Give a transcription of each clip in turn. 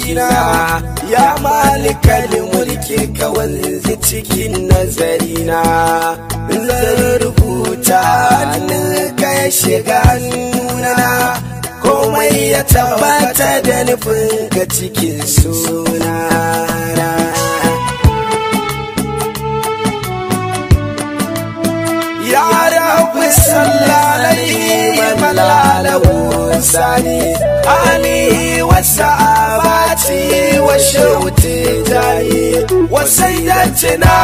cikina ya malikalin mulki ka wanzu cikin nazarina zan rubuta ka ya shiga nuna komai ya tabbata da nufin ka cikin sunana ya rabu sallalai malamu washe ali wasa'abati wa shauti jani wasayyatina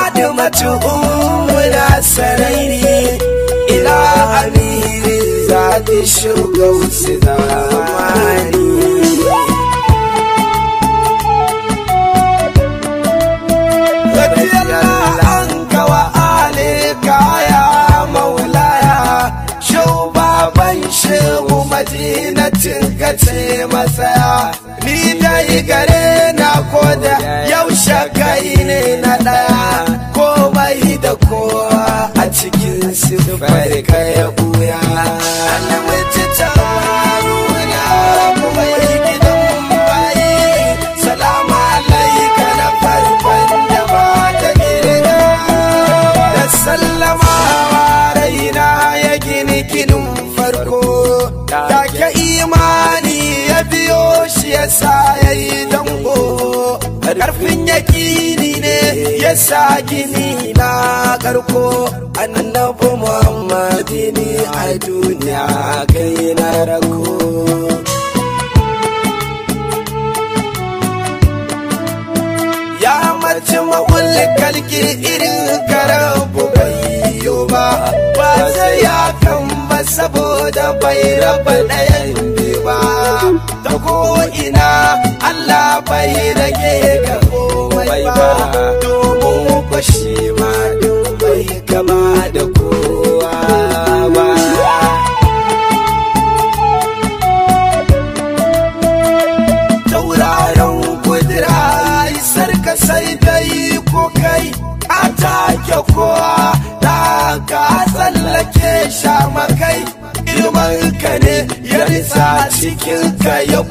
adamatu ummuna sarairi ila amiri zati shugausi zamani ji na cinkace masaya ni da yi gare na koda yau shakai ne na daya ɗaya komai da kowa a cikin siffar kaya buya karfin yakini ne ya sa gini na karko annabi muhammadi ne a duniya kai na rako ya mace mawulli kalki irin karabu bai yi ba ba sai ya kan ba saboda bai raba ɗayan ba ta ko ina Allah bai rage ga komai ba domin kwashi ma duk bai kama da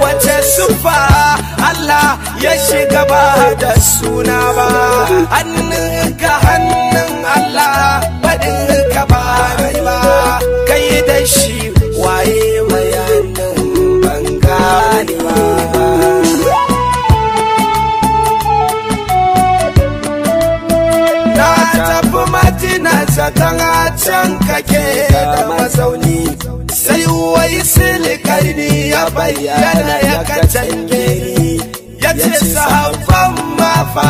wace sufa Allah ya shiga ba da suna ba hannun ka hannun Allah baɗin ka ba kai da shi tina zaton a can kake da mazauni sai wai silikarni ya bayyana ya katange ni ya ce sahabban mafa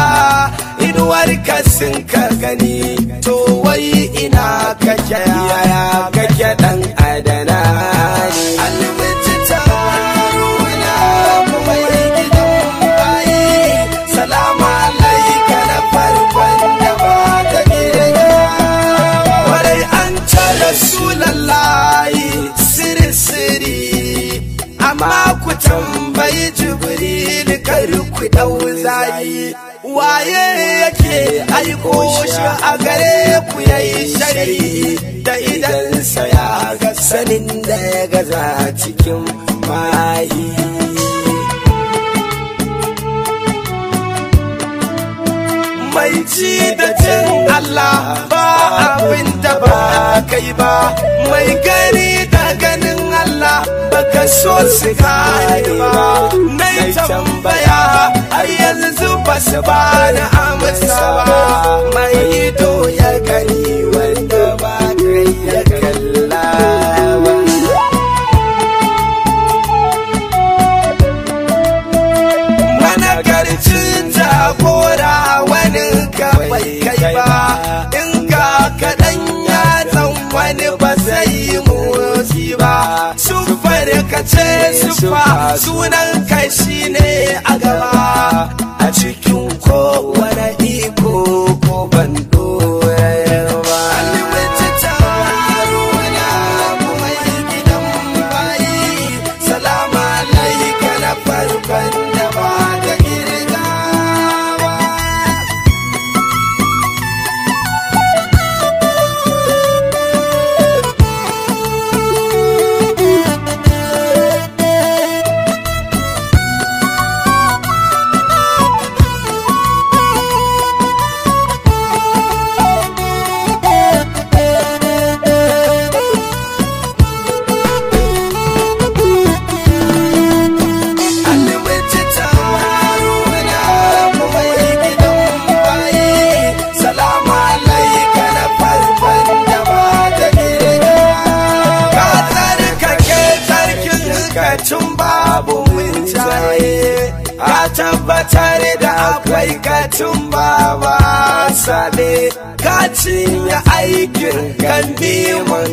inuwar kasin ka gani to wai ina kake yaya kake dan adam yi jibril kar ku dau zayi waye yake aiko shi a gare ku yayi shari da idan sa ya ga sanin da ya gaza cikin mahi mai ci da cin Allah ba abin da ba kai ba mai gani da ganin Allah baka so su kai ba mai tambaya har yanzu ba su ba na amsa ba mai ido ya gani ce sufa sunan kai ne a gaba a cikin kowane iko ko ban sade ka cinye aikin kan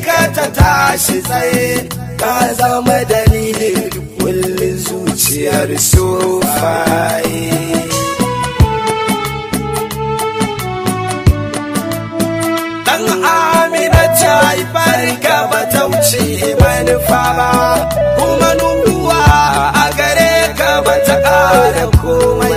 ka ta tashi tsaye ka zama dalilin kullum zuciyar sofaye dan amina ta yi farka ba ta wuce manufa ba kuma nuwa a gare ka ba ta ƙara komai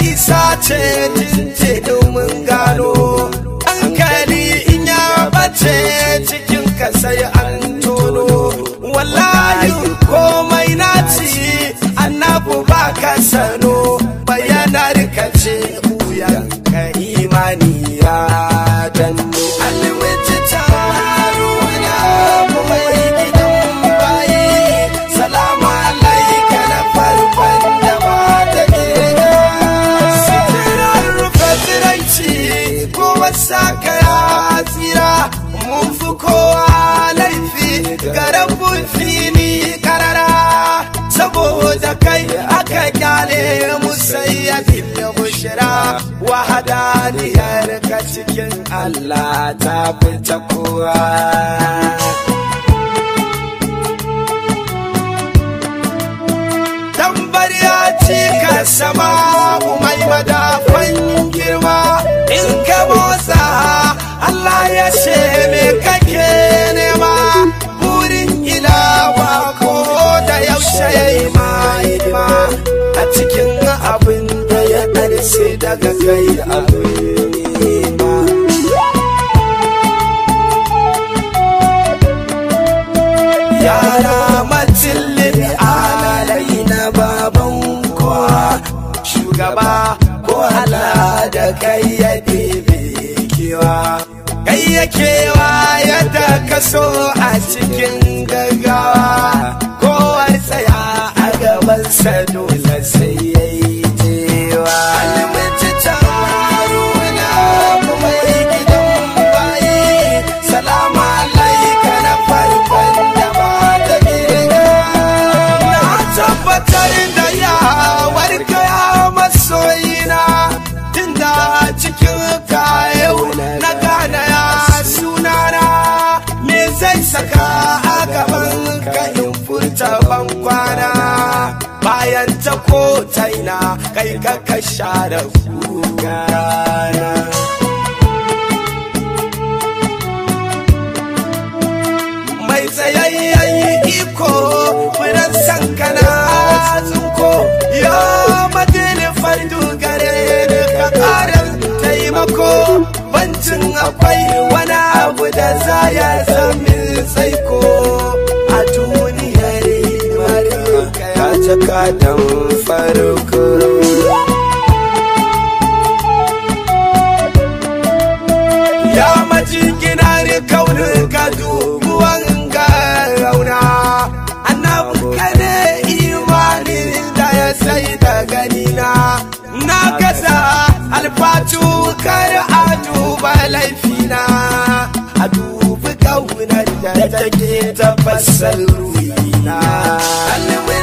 isa ce ce mun gano hankali in ya bace cikin ka sai an tono wallahi komai na ci annabu ba ka sanu wahadaniyar ka cikin Allah ta fita kowa ya cika sama daga kai abin yara matillin alai na baban kowa shugaba ko da kai ya kewa kai ya kewa yadda ka so a cikin gaggawa kowa tsaya a gaban sa dole sai da kwana bayan ta ko taina kai ka ka share kugana mai tsayayyen iko muran sankana tsunko ya madini fardu gare ni ka karin taimako bancin akwai jakadan farko ya majigina ne kaunin ka dubuwan ga rauna annabu ka ne imanin da ya sai da gani na kasa alfatu kar a duba laifina a dubi kaunar da take tabbasar ruina. Alimin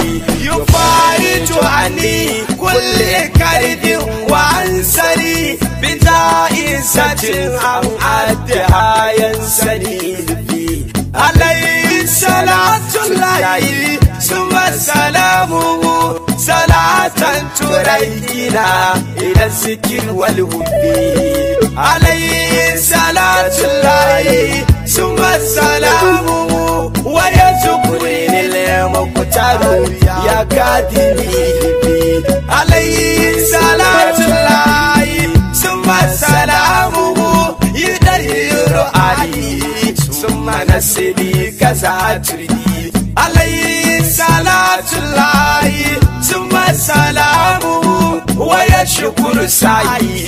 kulli kulli kardi wan sari binta isacin an addi hayan sani bi alayhi salatu layi summa salamu salatan turai na ila zikir wal hubbi alayhi salatu lahi summa salamu wa kuri ne le ya gadi bi alayhi salatu lahi summa salamuhu yudahiru ali summa nasibi kazaturi alayhi salatu lahi summa salamuhu wa yashkuru sa'i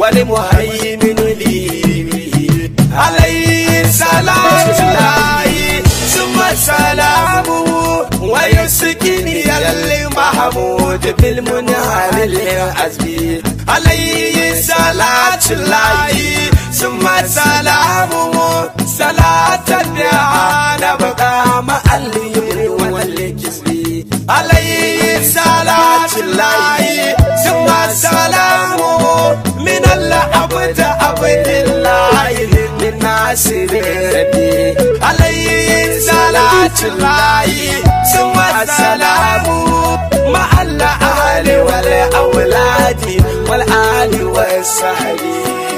wal muhaymin li alayhi salatu lahi kini ya lalle mahamud filmun halilin azbi alayhi salatu lahi summa salamu salatan ala baqa ma alli wal kisbi alayhi salatu lahi summa salamu min allah abd abdillah nasiri rabi alayhi salatu lahi summa salamu ma alla ahli wal awladi wal ali was